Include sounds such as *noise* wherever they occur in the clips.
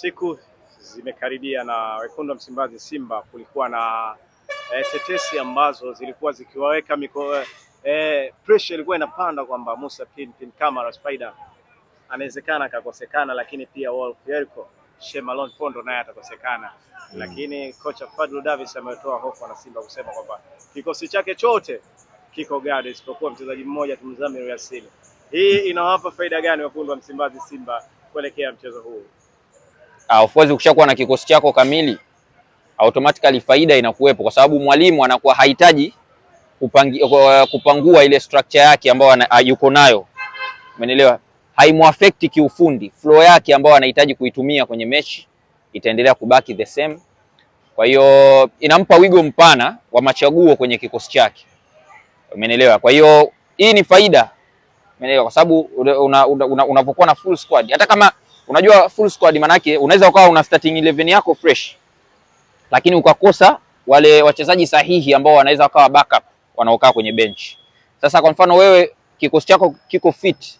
Siku zimekaribia na wekundu wa Msimbazi Simba, kulikuwa na e, tetesi ambazo zilikuwa zikiwaweka miko e, pressure ilikuwa inapanda kwamba Musa Pin Pin Kamara Spider anawezekana akakosekana, lakini pia Wolf Jericho Shemalon Fondo naye atakosekana mm. Lakini kocha Fadlu Davis ametoa hofu na Simba kusema kwamba kikosi chake chote kiko gado isipokuwa mchezaji mmoja tumzame Yasini. Hii inawapa faida gani wekundu wa Msimbazi Simba kuelekea mchezo huu? uh, of course ukishakuwa na kikosi chako kamili automatically faida inakuwepo, kwa sababu mwalimu anakuwa hahitaji uh, kupangua ile structure yake ambayo uh, yuko nayo, umeelewa? Haimuafekti kiufundi, flow yake ambayo anahitaji kuitumia kwenye mechi itaendelea kubaki the same. Kwa hiyo inampa wigo mpana wa machaguo kwenye kikosi chake, umeelewa? Kwa hiyo hii ni faida, umeelewa? Kwa sababu unapokuwa una, una, una na full squad hata kama Unajua full squad maana yake unaweza ukawa una starting 11 yako fresh, lakini ukakosa wale wachezaji sahihi ambao wanaweza wakawa backup wanaokaa kwenye bench. Sasa kwa mfano wewe kikosi chako kiko fit,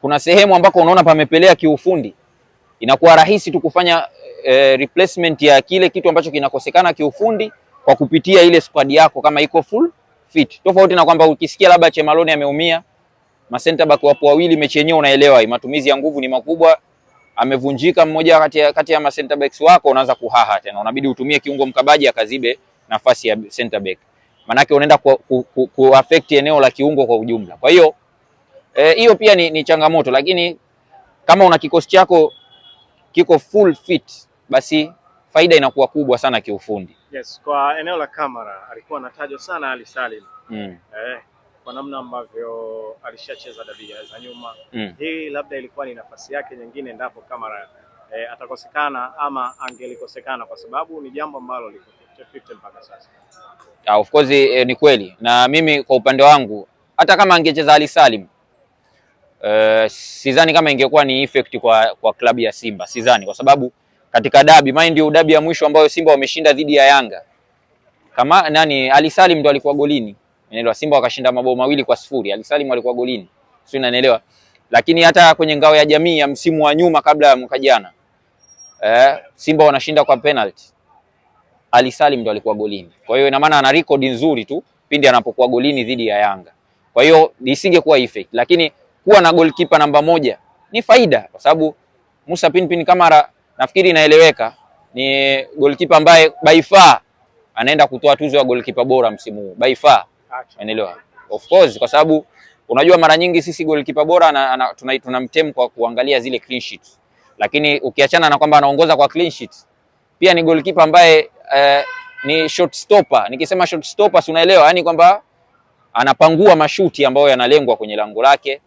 kuna sehemu ambako unaona pamepelea kiufundi, inakuwa rahisi tu kufanya e, replacement ya kile kitu ambacho kinakosekana kiufundi kwa kupitia ile squad yako kama iko full fit, tofauti na kwamba ukisikia labda Chemaloni ameumia, masenta back wapo wawili, mechi yenyewe unaelewa matumizi ya nguvu ni makubwa amevunjika mmoja kati ya, kati ya ma center backs wako, unaanza kuhaha tena, unabidi utumie kiungo mkabaji akazibe nafasi ya center back, manake unaenda ku, ku, ku, ku affect eneo la kiungo kwa ujumla. Kwa hiyo eh, hiyo e, pia ni, ni changamoto, lakini kama una kikosi chako kiko full fit, basi faida inakuwa kubwa sana kiufundi. Yes, kwa eneo la kamera alikuwa anatajwa sana Ali Salim. Mm. Eh, kwa namna ambavyo alishacheza dabi za nyuma mm. Hii labda ilikuwa ni nafasi yake nyingine endapo Kamara e, eh, atakosekana ama angelikosekana, kwa sababu ni jambo ambalo liko 50-50 mpaka sasa. Yeah, of course e, ni kweli na mimi kwa upande wangu hata kama angecheza Ali Salim Uh, sidhani kama ingekuwa ni effect kwa, kwa klabu ya Simba sidhani, kwa sababu katika dabi maana ndio dabi ya mwisho ambayo Simba wameshinda dhidi ya Yanga kama nani, Ali Salim ndo alikuwa golini Unaelewa, Simba wakashinda mabao mawili kwa sifuri. Ali Salim alikuwa golini. Sio, unanielewa? Lakini hata kwenye ngao ya jamii ya msimu wa nyuma kabla ya mwaka jana. Eh, Simba wanashinda kwa penalty. Ali Salim ndo alikuwa golini. Kwa hiyo ina maana ana record nzuri tu pindi anapokuwa golini dhidi ya Yanga. Kwa hiyo isingekuwa effect, lakini kuwa na goalkeeper namba moja ni faida kwa sababu Musa Pinpin Kamara nafikiri inaeleweka ni goalkeeper ambaye by far anaenda kutoa tuzo ya goalkeeper bora msimu huu by far. Unaelewa? Of course kwa sababu unajua mara nyingi sisi goalkeeper bora tunamtem kwa kuangalia zile clean sheet. Lakini ukiachana na kwamba anaongoza kwa clean sheet, pia ni goalkeeper ambaye uh, ni shot stopper. Nikisema shot stopper si unaelewa, yani kwamba anapangua mashuti ambayo yanalengwa kwenye lango lake.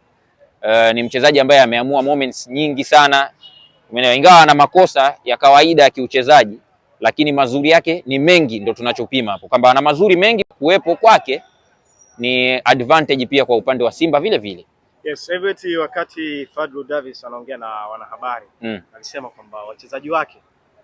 Uh, ni mchezaji ambaye ameamua moments nyingi sana, umeelewa. Ingawa ana makosa ya kawaida ya kiuchezaji, lakini mazuri yake ni mengi, ndio tunachopima hapo kwamba ana mazuri mengi kuwepo kwake ni advantage pia kwa upande wa Simba vile vile. Yes, Everett wakati Fadlu Davis anaongea na wanahabari mm, alisema kwamba wachezaji wake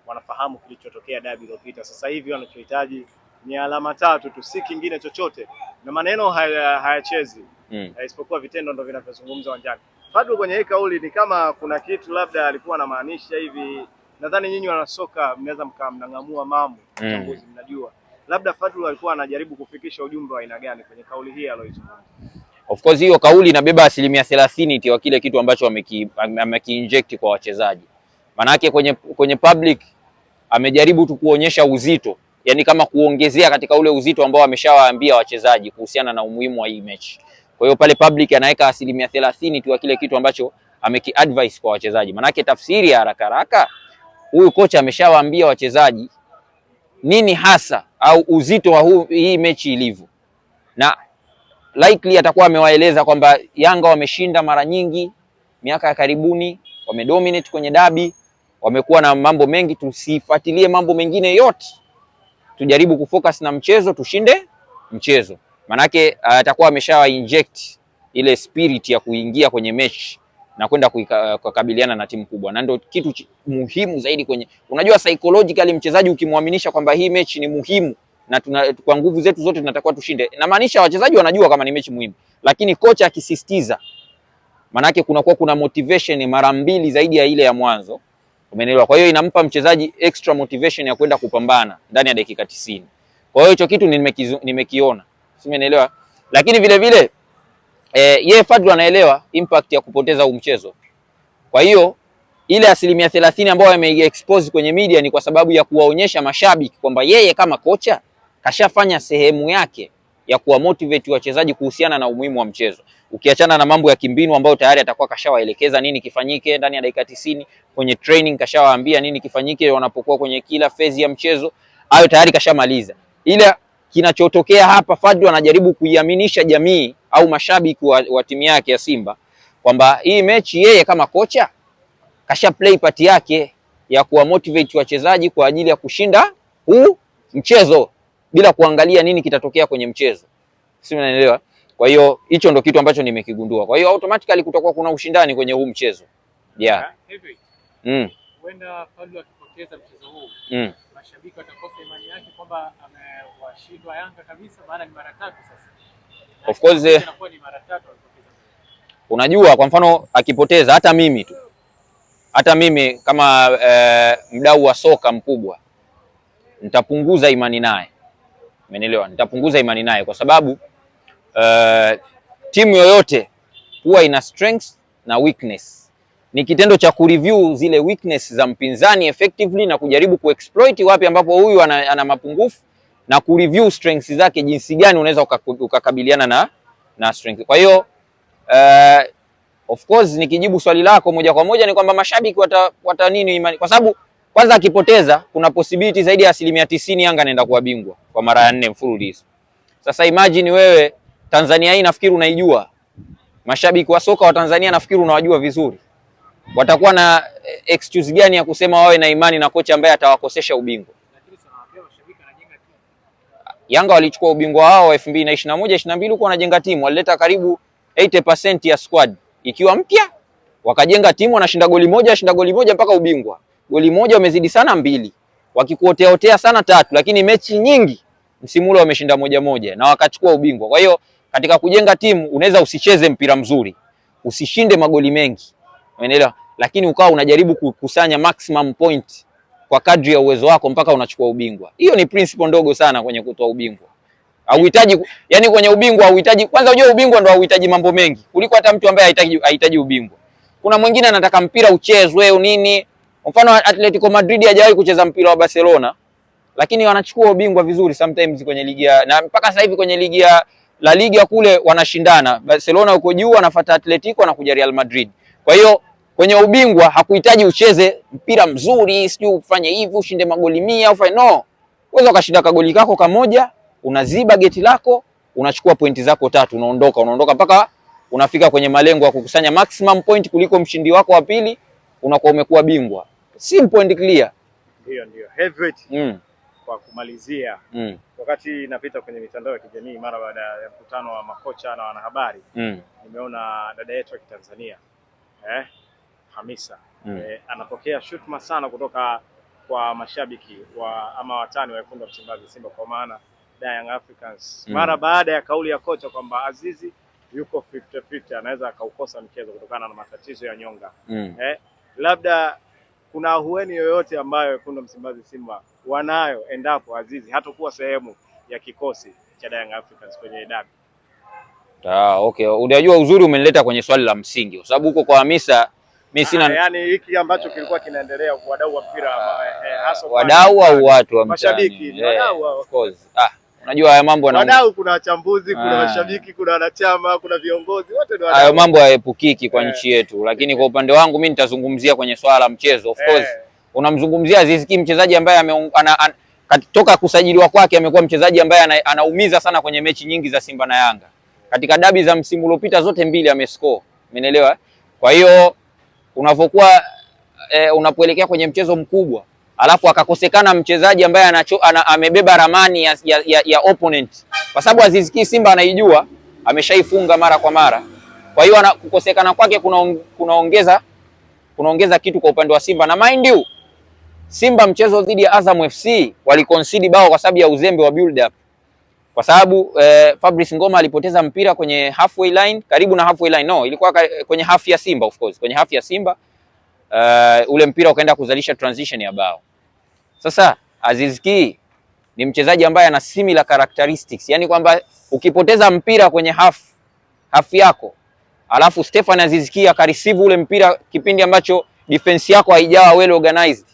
wanafahamu kilichotokea dabi iliyopita. Sasa hivi wanachohitaji ni alama tatu tu, si kingine chochote, na maneno hayachezi haya mm, isipokuwa vitendo ndo vinavyozungumza uwanjani. Fadlu kwenye hii kauli ni kama kuna kitu labda alikuwa anamaanisha hivi. Nadhani nyinyi wanasoka mnaweza mkamnang'amua mamu mambo, mm, mnajua labda Fadlu alikuwa anajaribu kufikisha ujumbe wa aina gani kwenye kauli hii aliyoizungumza? Of course hiyo kauli inabeba asilimia thelathini ti kile kitu ambacho amekiinject kwa wachezaji, manake kwenye, kwenye public amejaribu tu kuonyesha uzito, yani kama kuongezea katika ule uzito ambao ameshawaambia wachezaji kuhusiana na umuhimu wa hii mechi. Kwa hiyo pale public anaweka asilimia thelathini tu kile kitu ambacho amekiadvise kwa wachezaji, manake tafsiri ya haraka haraka, huyu kocha ameshawaambia wachezaji nini hasa au uzito wa hii mechi ilivyo, na likely atakuwa amewaeleza kwamba Yanga wameshinda mara nyingi miaka ya karibuni, wamedominate kwenye dabi, wamekuwa na mambo mengi, tusifuatilie mambo mengine yote, tujaribu kufocus na mchezo, tushinde mchezo. Manake uh, atakuwa ameshawa inject ile spirit ya kuingia kwenye mechi na kwenda eh, kukabiliana na timu kubwa, na ndio kitu muhimu zaidi kwenye, unajua psychologically, mchezaji ukimwaminisha kwamba hii mechi ni muhimu na tuna, kwa nguvu zetu zote tunatakiwa tushinde, inamaanisha wachezaji wanajua kama ni mechi muhimu, lakini kocha akisisitiza, maanake kunakuwa kuna motivation mara mbili zaidi ya ile ya mwanzo, umeelewa? Kwa hiyo inampa mchezaji extra motivation ya kwenda kupambana ndani ya dakika tisini. Kwa hiyo hicho kitu nimekiona, si umeelewa? Lakini vile vile E, yeye Fadlu anaelewa impact ya kupoteza huu mchezo. Kwa hiyo ile asilimia thelathini ambayo ameexpose kwenye media ni kwa sababu ya kuwaonyesha mashabiki kwamba yeye kama kocha kashafanya sehemu yake ya kuwa motivate wachezaji kuhusiana na umuhimu wa mchezo, ukiachana na mambo ya kimbinu ambayo tayari atakuwa kashawaelekeza nini kifanyike ndani ya dakika tisini kwenye training, kashawaambia nini kifanyike wanapokuwa kwenye kila phase ya mchezo. Hayo tayari kashamaliza, ila kinachotokea hapa, Fadlu anajaribu kuiaminisha jamii au mashabiki wa, wa timu yake ya Simba kwamba hii mechi yeye kama kocha kasha play part yake ya kuwa motivate wachezaji kwa ajili ya kushinda huu mchezo bila kuangalia nini kitatokea kwenye mchezo, si unaelewa? Kwa hiyo hicho ndo kitu ambacho nimekigundua. Kwa hiyo automatically kutakuwa kuna ushindani kwenye huu mchezo yeah. Yeah, mm. Huenda Fadlu akipoteza mchezo huu mm mashabiki watakosa imani yake kwamba amewashindwa Yanga kabisa, maana ni mara tatu sasa. Of course eh, ni mara tatu alipoteza. Unajua, kwa mfano akipoteza hata mimi tu hata mimi kama eh, mdau wa soka mkubwa nitapunguza imani naye, umeelewa? Nitapunguza imani naye kwa sababu eh, timu yoyote huwa ina strengths na weakness ni kitendo cha kureview zile weakness za mpinzani effectively na kujaribu kuexploit wapi ambapo huyu ana, ana mapungufu na kureview strengths zake, jinsi gani unaweza ukakabiliana na, na strength. Kwa hiyo uh, of course nikijibu swali lako moja kwa moja ni kwamba mashabiki wata, wata nini imani, kwa sababu kwanza akipoteza kuna possibility zaidi ya asilimia tisini Yanga anaenda kuwa bingwa kwa mara ya nne mfululizo. Sasa imagine wewe Tanzania hii nafikiri unaijua, mashabiki wa soka wa Tanzania nafikiri unawajua vizuri watakuwa na eh, excuse gani ya kusema wawe na imani na kocha ambaye atawakosesha ubingwa? Yanga walichukua ubingwa wao elfu mbili na ishirini na moja ishirini na mbili huko wanajenga timu, walileta karibu 80% ya squad ikiwa mpya, wakajenga timu, wanashinda goli moja shinda goli moja mpaka ubingwa. Goli moja wamezidi sana mbili, wakikuotea otea sana tatu, lakini mechi nyingi msimu ule wameshinda moja moja na wakachukua ubingwa. Kwa hiyo katika kujenga timu unaweza usicheze mpira mzuri, usishinde magoli mengi, umeelewa? lakini ukawa unajaribu kukusanya maximum point kwa kadri ya uwezo wako mpaka unachukua ubingwa. Hiyo ni principle ndogo sana kwenye kutoa ubingwa. Hauhitaji yani, kwenye ubingwa hauhitaji kwanza, unajua ubingwa ndo hauhitaji mambo mengi kuliko hata mtu ambaye hahitaji hahitaji ubingwa. Kuna mwingine anataka mpira uchezwe nini, Kwa mfano Atletico Madrid hajawahi kucheza mpira wa Barcelona, lakini wanachukua ubingwa vizuri sometimes kwenye ligi ya na mpaka sasa hivi kwenye ligi ya La Liga kule wanashindana, Barcelona uko juu, anafuata Atletico, anakuja Real Madrid. Kwa hiyo kwenye ubingwa hakuhitaji ucheze mpira mzuri, sijui ufanye hivi ushinde magoli mia ufanye no, uweza ukashinda kagoli kako kamoja, unaziba geti lako, unachukua pointi zako tatu, unaondoka. Unaondoka mpaka unafika kwenye malengo ya kukusanya maximum point kuliko mshindi wako wa pili, unakuwa umekuwa bingwa. Simple and clear. Ndio, ndio. Heavyweight. Mm. Kwa kumalizia mm. Wakati napita kwenye mitandao ya kijamii mara baada ya mkutano wa makocha na wanahabari mm. Nimeona dada yetu wa Kitanzania eh? Hamisa mm. E, anapokea shutuma sana kutoka kwa mashabiki wa ama watani wa wekundu wa Msimbazi Simba kwa maana Young Africans mm. mara baada ya kauli ya kocha kwamba Azizi yuko 50-50 anaweza akaukosa mchezo kutokana na matatizo ya nyonga mm. Eh, labda kuna ahueni yoyote ambayo wekundu Msimbazi Simba wanayo endapo Azizi hatakuwa sehemu ya kikosi cha Young Africans kwenye dabi? Ah, okay, unajua uzuri umenileta kwenye swali la msingi kwa sababu huko kwa Hamisa mimi sina ah, yani, hiki ambacho kilikuwa kinaendelea kwa wadau wa mpira eh, hasa wadau au watu wa mashabiki, eh, wadau of course. Ah, unajua haya mambo na wadau, kuna wachambuzi, kuna mashabiki, ah. kuna wanachama, kuna viongozi, wote ndio hayo mambo hayaepukiki kwa eh. nchi yetu, lakini kwa upande wangu mimi nitazungumzia kwenye swala la mchezo. Of course unamzungumzia Aziz Ki, mchezaji ambaye ame, toka kusajiliwa kwake amekuwa mchezaji ambaye anaumiza ana sana kwenye mechi nyingi za Simba na Yanga. Katika dabi za msimu uliopita zote mbili amescore, umeelewa? Kwa hiyo unavokuwa e, eh, unapoelekea kwenye mchezo mkubwa alafu akakosekana mchezaji ambaye amebeba ramani ya, ya, ya, ya opponent, kwa sababu Aziz Ki Simba anaijua, ameshaifunga mara kwa mara. Kwa hiyo kukosekana kwake kunaongeza kunaongeza kitu kwa upande wa Simba, na mind you Simba mchezo dhidi ya Azam FC waliconcede bao kwa sababu ya uzembe wa build up kwa sababu eh, Fabrice Ngoma alipoteza mpira kwenye halfway line, karibu na halfway line no, ilikuwa eh, kwenye half ya Simba, of course kwenye half ya Simba uh, ule mpira ukaenda kuzalisha transition ya bao. Sasa Aziz Ki ni mchezaji ambaye ana similar characteristics, yani kwamba ukipoteza mpira kwenye half half yako alafu Stefan Aziz Ki akareceive ule mpira kipindi ambacho defense yako haijawa well organized,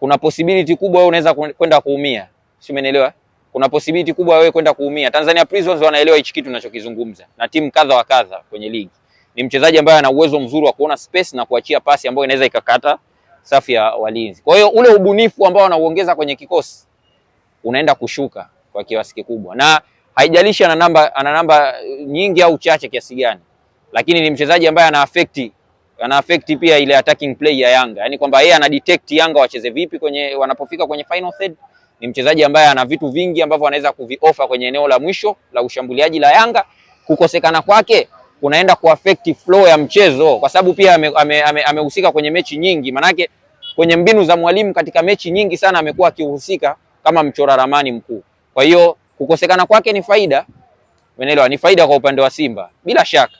kuna possibility kubwa wewe unaweza kwenda kuumia, si umeelewa? kuna possibility kubwa wewe kwenda kuumia. Tanzania Prisons wanaelewa hichi kitu ninachokizungumza, na timu kadha wa kadha kwenye ligi. Ni mchezaji ambaye ana uwezo mzuri wa kuona space na kuachia pasi ambayo inaweza ikakata safu ya walinzi. Kwa hiyo ule ubunifu ambao wanauongeza kwenye kikosi unaenda kushuka kwa kiasi kikubwa, na haijalishi ana namba ana namba nyingi au chache kiasi gani, lakini ni mchezaji ambaye ana affect ana affect pia ile attacking play ya Yanga, yaani kwamba yeye ana detect Yanga wacheze vipi kwenye wanapofika kwenye final third ni mchezaji ambaye ana vitu vingi ambavyo anaweza kuviofa kwenye eneo la mwisho la ushambuliaji la Yanga. Kukosekana kwake kunaenda kuaffect flow ya mchezo, kwa sababu pia amehusika ame, ame, ame kwenye mechi nyingi, manake kwenye mbinu za mwalimu katika mechi nyingi sana amekuwa akihusika kama mchora ramani mkuu. Kwa hiyo kukosekana kwake ni faida, umeelewa? Ni faida kwa upande wa Simba bila shaka,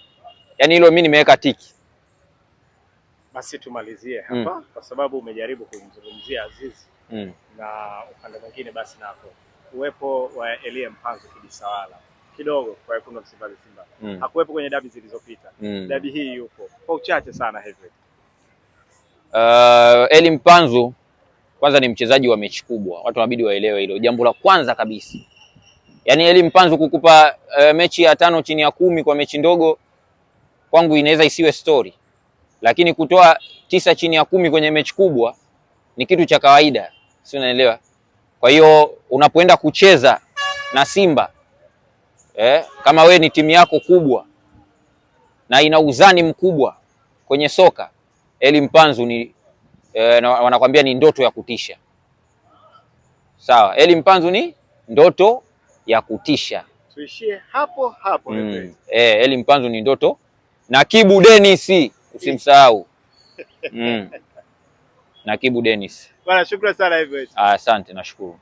yaani hilo mimi nimeweka tiki. Basi tumalizie mm. hapa mm, kwa sababu umejaribu kumzungumzia Azizi mm. na upande mwingine basi nako uwepo wa Elie Mpanzu kidisawala kidogo kwa Wekundu wa Msimbazi Simba mm. hakuwepo kwenye dabi zilizopita mm. dabi hii yupo kwa uchache sana hivi. Uh, Elie Mpanzu kwanza ni mchezaji wa mechi kubwa, watu wanabidi waelewe hilo jambo la kwanza kabisa. Yaani Elie Mpanzu kukupa uh, mechi ya tano chini ya kumi kwa mechi ndogo kwangu inaweza isiwe story, lakini kutoa tisa chini ya kumi kwenye mechi kubwa ni kitu cha kawaida si unaelewa? Kwa hiyo unapoenda kucheza na Simba eh, kama we ni timu yako kubwa na ina uzani mkubwa kwenye soka, Eli Mpanzu ni eh, wanakwambia ni ndoto ya kutisha. Sawa, Eli Mpanzu ni ndoto ya kutisha. Tuishie hapo hapo. Mm, eh, Eli Mpanzu ni ndoto na Kibu Dennis *laughs* usimsahau. Mm. na Kibu Dennis Bwana, shukrani sana hivyo. Asante, nashukuru.